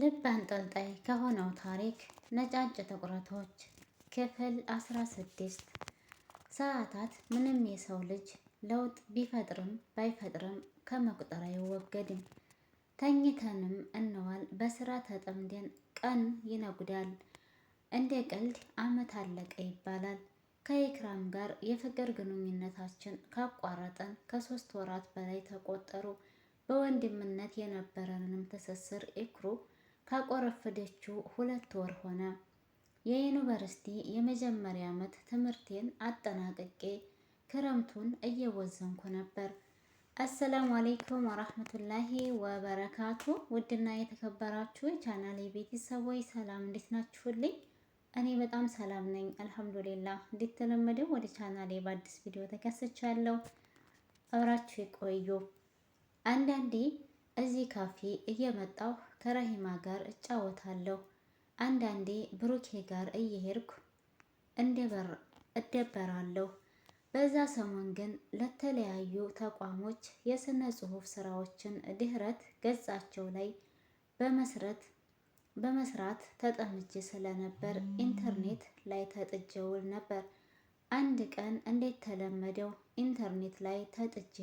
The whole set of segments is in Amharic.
ልብ አንጠልጣይ ከሆነው ታሪክ ነጫጭ ትኩረቶች ክፍል 16 ሰዓታት ምንም የሰው ልጅ ለውጥ ቢፈጥርም ባይፈጥርም ከመቁጠር አይወገድም። ተኝተንም እንዋል፣ በስራ ተጠምደን ቀን ይነጉዳል። እንደ ቀልድ አመት አለቀ ይባላል። ከኢክራም ጋር የፍቅር ግንኙነታችን ካቋረጠን ከሶስት ወራት በላይ ተቆጠሩ። በወንድምነት የነበረንም ትስስር ኢክሩ ካቆረፈደችው ሁለት ወር ሆነ። የዩኒቨርሲቲ የመጀመሪያ ዓመት ትምህርቴን አጠናቅቄ ክረምቱን እየቦዘንኩ ነበር። አሰላሙ አሌይኩም ወራህመቱላሂ ወበረካቱ። ውድና የተከበራችሁ የቻናሌ ቤተሰቦች ሰላም፣ እንዴት ናችሁልኝ? እኔ በጣም ሰላም ነኝ አልሐምዱሊላ። እንደተለመደው ወደ ቻናሌ በአዲስ ቪዲዮ ተከስቻለሁ። አብራችሁ ይቆዩ አንዳንዴ እዚህ ካፌ እየመጣሁ ከረሂማ ጋር እጫወታለሁ። አንዳንዴ ብሩኬ ጋር እየሄድኩ እደበራለሁ። በዛ ሰሞን ግን ለተለያዩ ተቋሞች የስነ ጽሑፍ ስራዎችን ድህረት ገጻቸው ላይ በመስረት በመስራት ተጠምጄ ስለነበር ኢንተርኔት ላይ ተጥጀውል ነበር። አንድ ቀን እንደተለመደው ኢንተርኔት ላይ ተጥጄ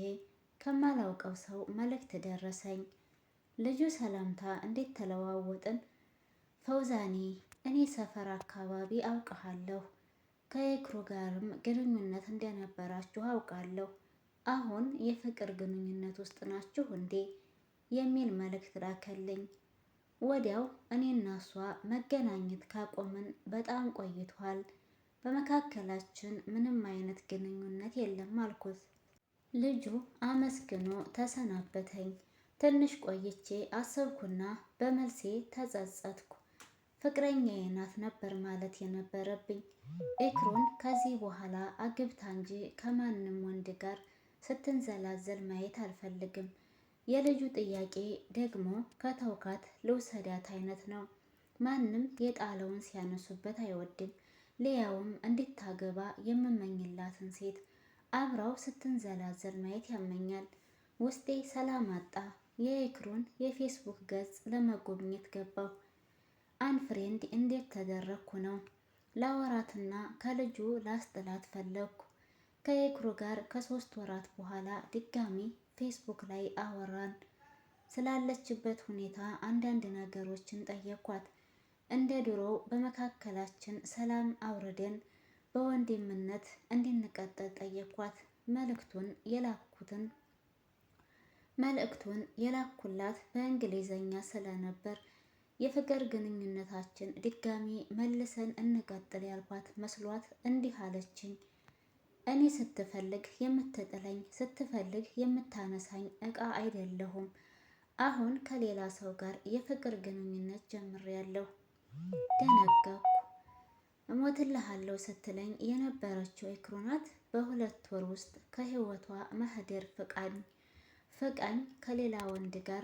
ከማላውቀው ሰው መልእክት ደረሰኝ። ልጁ ሰላምታ እንዴት ተለዋወጥን። ፈውዛኔ እኔ ሰፈር አካባቢ አውቀሃለሁ፣ ከየክሩ ጋርም ግንኙነት እንደነበራችሁ አውቃለሁ። አሁን የፍቅር ግንኙነት ውስጥ ናችሁ እንዴ? የሚል መልእክት ላከልኝ። ወዲያው እኔና እሷ መገናኘት ካቆምን በጣም ቆይቷል። በመካከላችን ምንም አይነት ግንኙነት የለም አልኩት። ልጁ አመስግኖ ተሰናበተኝ። ትንሽ ቆይቼ አሰብኩና በመልሴ ተጸጸትኩ። ፍቅረኛዬ ናት ነበር ማለት የነበረብኝ። ኤክሩን ከዚህ በኋላ አግብታ እንጂ ከማንም ወንድ ጋር ስትንዘላዘል ማየት አልፈልግም። የልጁ ጥያቄ ደግሞ ከተውካት ልውሰዳት አይነት ነው። ማንም የጣለውን ሲያነሱበት አይወድም። ሊያውም እንድታገባ የምመኝላትን ሴት አብራው ስትንዘላዘል ማየት ያመኛል። ውስጤ ሰላም አጣ። የኤክሩን የፌስቡክ ገጽ ለመጎብኘት ገባሁ። አንፍሬንድ እንዴት ተደረግኩ ነው። ላወራትና ከልጁ ላስጥላት ፈለግኩ። ከኤክሩ ጋር ከሶስት ወራት በኋላ ድጋሚ ፌስቡክ ላይ አወራን። ስላለችበት ሁኔታ አንዳንድ ነገሮችን ጠየኳት። እንደ ድሮው በመካከላችን ሰላም አውርደን በወንድምነት እንድንቀጥል ጠየኳት። መልእክቱን የላኩትን መልእክቱን የላኩላት በእንግሊዘኛ ስለነበር የፍቅር ግንኙነታችን ድጋሚ መልሰን እንቀጥል ያልኳት መስሏት እንዲህ አለችኝ። እኔ ስትፈልግ የምትጥለኝ ስትፈልግ የምታነሳኝ እቃ አይደለሁም። አሁን ከሌላ ሰው ጋር የፍቅር ግንኙነት ጀምሬያለሁ። ደነጋው እሞትልሃለሁ ስትለኝ የነበረችው ኤክሮናት በሁለት ወር ውስጥ ከህይወቷ ማህደር ፍቃኝ ፍቃኝ ከሌላ ወንድ ጋር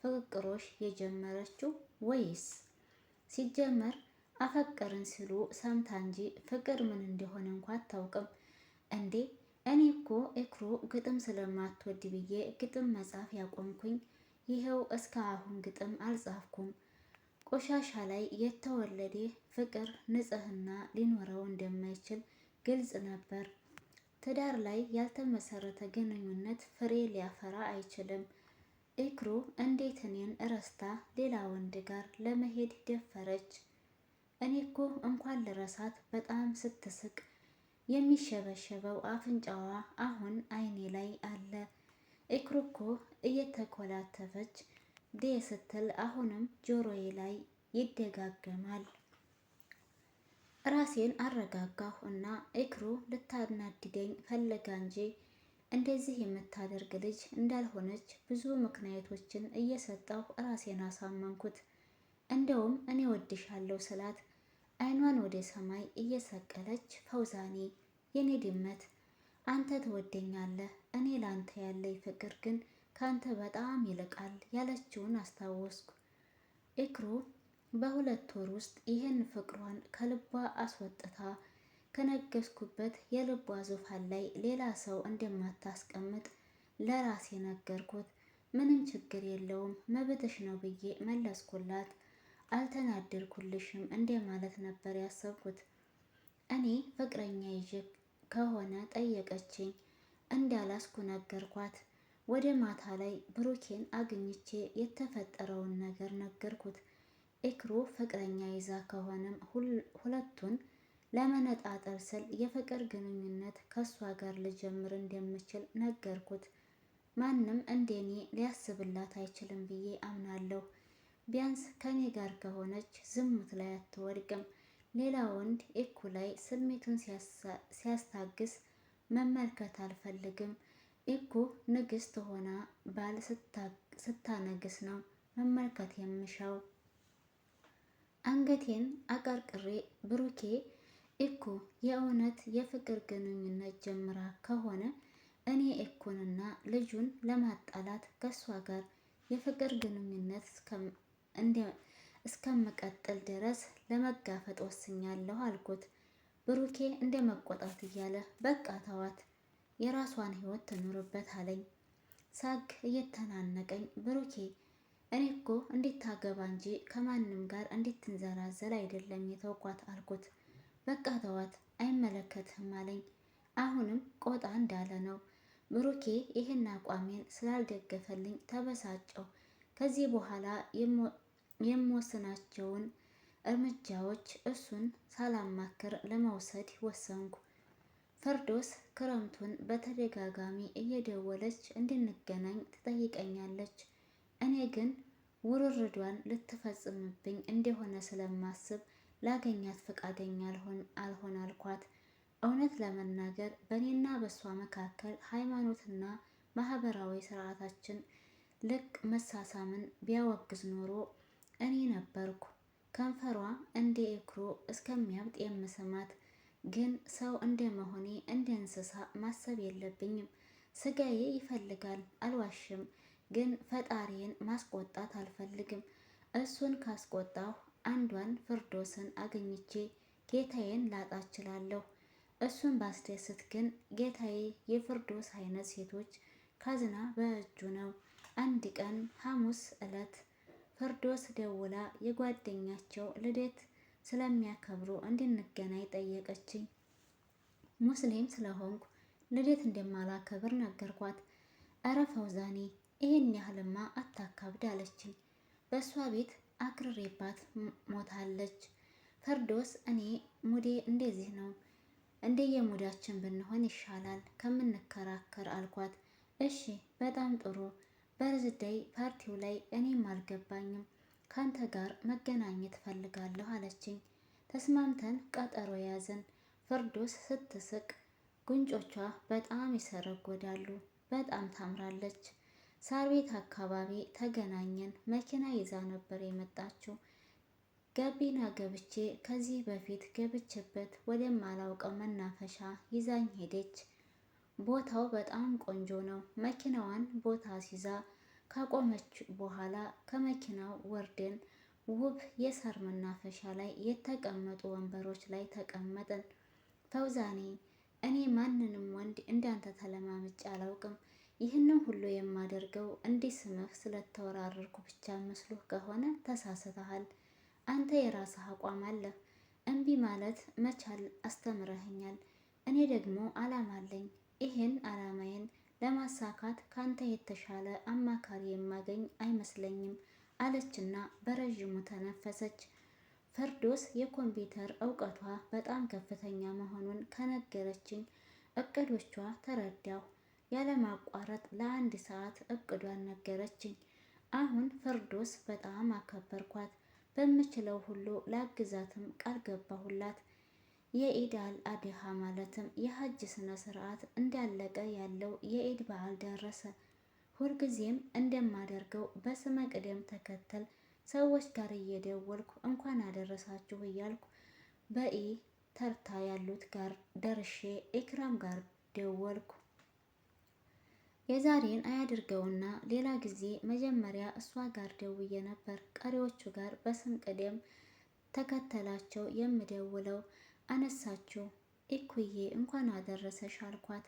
ፍቅሮሽ የጀመረችው ወይስ ሲጀመር አፈቀርን ሲሉ ሰምታ እንጂ ፍቅር ምን እንደሆነ እንኳ አታውቅም እንዴ? እኔ እኮ ኤክሮ ግጥም ስለማትወድ ብዬ ግጥም መጻፍ ያቆምኩኝ ይኸው እስከ አሁን ግጥም አልጻፍኩም። ቆሻሻ ላይ የተወለደ ፍቅር ንጽህና ሊኖረው እንደማይችል ግልጽ ነበር። ትዳር ላይ ያልተመሰረተ ግንኙነት ፍሬ ሊያፈራ አይችልም። እክሩ እንዴት እኔን እረስታ ሌላ ወንድ ጋር ለመሄድ ደፈረች? እኔ እኮ እንኳን ልረሳት በጣም ስትስቅ የሚሸበሸበው አፍንጫዋ አሁን አይኔ ላይ አለ። ኢክሩ እኮ እየተኮላተፈች ዴ ስትል አሁንም ጆሮዬ ላይ ይደጋገማል። ራሴን አረጋጋሁ እና እክሩ ልታናድደኝ ፈለጋ እንጂ እንደዚህ የምታደርግ ልጅ እንዳልሆነች ብዙ ምክንያቶችን እየሰጠሁ ራሴን አሳመንኩት። እንደውም እኔ ወድሻለሁ ስላት አይኗን ወደ ሰማይ እየሰቀለች ፈውዛኔ የኔ ድመት አንተ ትወደኛለህ፣ እኔ ላንተ ያለኝ ፍቅር ግን ካንተ በጣም ይልቃል ያለችውን አስታወስኩ። ኢክሩ በሁለት ወር ውስጥ ይህን ፍቅሯን ከልቧ አስወጥታ ከነገስኩበት የልቧ ዙፋን ላይ ሌላ ሰው እንደማታስቀምጥ ለራሴ ነገርኩት። ምንም ችግር የለውም መብትሽ ነው ብዬ መለስኩላት። አልተናደርኩልሽም እንደማለት ማለት ነበር ያሰብኩት። እኔ ፍቅረኛ ይዤ ከሆነ ጠየቀችኝ፣ እንዳላስኩ ነገርኳት። ወደ ማታ ላይ ብሩኬን አግኝቼ የተፈጠረውን ነገር ነገርኩት። ኤክሮ ፍቅረኛ ይዛ ከሆነም ሁለቱን ለመነጣጠር ስል የፍቅር ግንኙነት ከእሷ ጋር ልጀምር እንደምችል ነገርኩት። ማንም እንደኔ ሊያስብላት አይችልም ብዬ አምናለሁ። ቢያንስ ከኔ ጋር ከሆነች ዝሙት ላይ አትወድቅም። ሌላ ወንድ ኤኩ ላይ ስሜቱን ሲያስታግስ መመልከት አልፈልግም። ኢኮ ንግስት ሆና ባል ስታነግስ ነው መመልከት የምሻው። አንገቴን አቀርቅሬ ብሩኬ ኢኮ የእውነት የፍቅር ግንኙነት ጀምራ ከሆነ እኔ ኢኮንና ልጁን ለማጣላት ከእሷ ጋር የፍቅር ግንኙነት እስከምቀጥል ድረስ ለመጋፈጥ ወስኛለሁ አልኩት። ብሩኬ እንደ መቆጣት እያለ በቃ ተዋት የራሷን ህይወት ትኑርበት አለኝ። ሳግ እየተናነቀኝ ብሩኬ እኔ እኮ ታገባ እንጂ ከማንም ጋር እንድትንዘላዘል አይደለም የተውኳት አልኩት። በቃ ተዋት አይመለከትህም አለኝ። አሁንም ቆጣ እንዳለ ነው። ብሩኬ ይህን አቋሜን ስላልደገፈልኝ ተበሳጨሁ። ከዚህ በኋላ የምወስናቸውን እርምጃዎች እሱን ሳላማክር ለመውሰድ ወሰንኩ። ፈርዶስ ክረምቱን በተደጋጋሚ እየደወለች እንድንገናኝ ትጠይቀኛለች። እኔ ግን ውርርዷን ልትፈጽምብኝ እንደሆነ ስለማስብ ላገኛት ፈቃደኛ አልሆን አልኳት። እውነት ለመናገር በእኔና በእሷ መካከል ሃይማኖትና ማህበራዊ ስርዓታችን ልቅ መሳሳምን ቢያወግዝ ኖሮ እኔ ነበርኩ ከንፈሯ እንደ ኤክሮ እስከሚያብጥ የምስማት ግን ሰው እንደ መሆኔ እንደ እንስሳ ማሰብ የለብኝም። ስጋዬ ይፈልጋል፣ አልዋሽም። ግን ፈጣሪን ማስቆጣት አልፈልግም። እሱን ካስቆጣሁ አንዷን ፍርዶስን አገኝቼ ጌታዬን ላጣ እችላለሁ። እሱን ባስደስት ግን ጌታዬ የፍርዶስ አይነት ሴቶች ካዝና በእጁ ነው። አንድ ቀን ሐሙስ ዕለት ፍርዶስ ደውላ የጓደኛቸው ልደት ስለሚያከብሩ እንድንገናኝ ጠየቀችኝ። ሙስሊም ስለሆንኩ ልደት እንደማላከብር ነገርኳት። እረ ፈውዛኔ ይሄን ያህልማ አታካብድ አለችኝ። በእሷ ቤት አክርሬባት ሞታለች። ፈርዶስ እኔ ሙዴ እንደዚህ ነው፣ እንደየሙዳችን ብንሆን ይሻላል ከምንከራከር አልኳት። እሺ በጣም ጥሩ በርዝደይ ፓርቲው ላይ እኔም አልገባኝም ከአንተ ጋር መገናኘት ፈልጋለሁ አለችኝ። ተስማምተን ቀጠሮ ያዝን። ፍርዶስ ስትስቅ ጉንጮቿ በጣም ይሰረጎዳሉ። በጣም ታምራለች። ሳር ቤት አካባቢ ተገናኘን። መኪና ይዛ ነበር የመጣችው። ጋቢና ገብቼ ከዚህ በፊት ገብቼበት ወደማላውቀው መናፈሻ ይዛኝ ሄደች። ቦታው በጣም ቆንጆ ነው። መኪናዋን ቦታ ሲዛ ካቆመች በኋላ ከመኪናው ወርደን ውብ የሳር መናፈሻ ላይ የተቀመጡ ወንበሮች ላይ ተቀመጥን። ፈውዛኔ እኔ ማንንም ወንድ እንዳንተ ተለማምጬ አላውቅም። ይህንን ሁሉ የማደርገው እንዲህ ስምህ ስለተወራረርኩ ብቻ መስሎህ ከሆነ ተሳስተሃል። አንተ የራስህ አቋም አለህ። እምቢ ማለት መቻል አስተምረህኛል እኔ ደግሞ አላማ አለኝ። ይህን አላማዬን ለማሳካት ካንተ የተሻለ አማካሪ የማገኝ አይመስለኝም አለችና በረዥሙ ተነፈሰች። ፈርዶስ የኮምፒውተር እውቀቷ በጣም ከፍተኛ መሆኑን ከነገረችኝ እቅዶቿ ተረዳሁ። ያለማቋረጥ ለአንድ ሰዓት እቅዷን ነገረችኝ። አሁን ፈርዶስ በጣም አከበርኳት። በምችለው ሁሉ ላግዛትም ቃል ገባሁላት። የኢዳል አድሃ ማለትም የሀጅ ስነ ስርዓት እንዳለቀ ያለው የኢድ በዓል ደረሰ። ሁልጊዜም እንደማደርገው በስመ ቅደም ተከተል ሰዎች ጋር እየደወልኩ እንኳን አደረሳችሁ እያልኩ በኢ ተርታ ያሉት ጋር ደርሼ ኢክራም ጋር ደወልኩ። የዛሬን አያድርገውና ሌላ ጊዜ መጀመሪያ እሷ ጋር ደውዬ ነበር። ቀሪዎቹ ጋር በስም ቅደም ተከተላቸው የምደውለው አነሳችው። እኩዬ እንኳን አደረሰሽ አልኳት።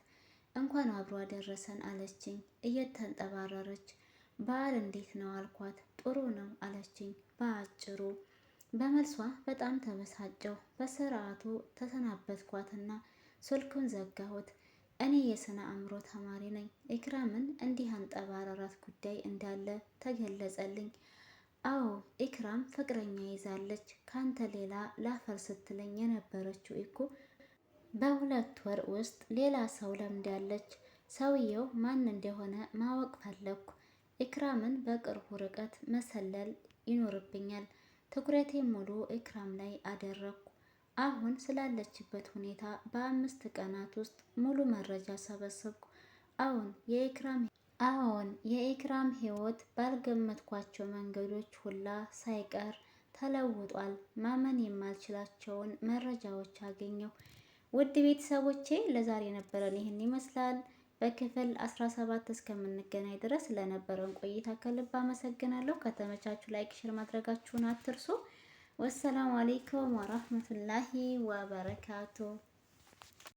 እንኳን አብሮ አደረሰን አለችኝ እየተንጠባረረች። በዓል እንዴት ነው አልኳት። ጥሩ ነው አለችኝ በአጭሩ። በመልሷ በጣም ተበሳጨው በስርዓቱ ተሰናበትኳትና ስልኩን ዘጋሁት። እኔ የስነ አእምሮ ተማሪ ነኝ። ኢክራምን እንዲህ አንጠባረራት ጉዳይ እንዳለ ተገለጸልኝ። አዎ ኢክራም ፍቅረኛ ይዛለች። ካንተ ሌላ ላፈር ስትለኝ የነበረችው እኮ በሁለት ወር ውስጥ ሌላ ሰው ለምዳለች። ሰውየው ማን እንደሆነ ማወቅ ፈለኩ። ኢክራምን በቅርቡ ርቀት መሰለል ይኖርብኛል። ትኩረቴ ሙሉ ኢክራም ላይ አደረግኩ። አሁን ስላለችበት ሁኔታ በአምስት ቀናት ውስጥ ሙሉ መረጃ ሰበሰብኩ። አሁን የኢክራም አዎን የኢክራም ህይወት ባልገመትኳቸው መንገዶች ሁላ ሳይቀር ተለውጧል። ማመን የማልችላቸውን መረጃዎች አገኘሁ። ውድ ቤተሰቦቼ ለዛሬ የነበረን ይህን ይመስላል። በክፍል 17 እስከምንገናኝ ድረስ ለነበረን ቆይታ ከልብ አመሰግናለሁ። ከተመቻችሁ ላይክ፣ ሼር ማድረጋችሁን አትርሱ። ወሰላሙ አሌይኩም ወራህመቱላሂ ወበረካቱ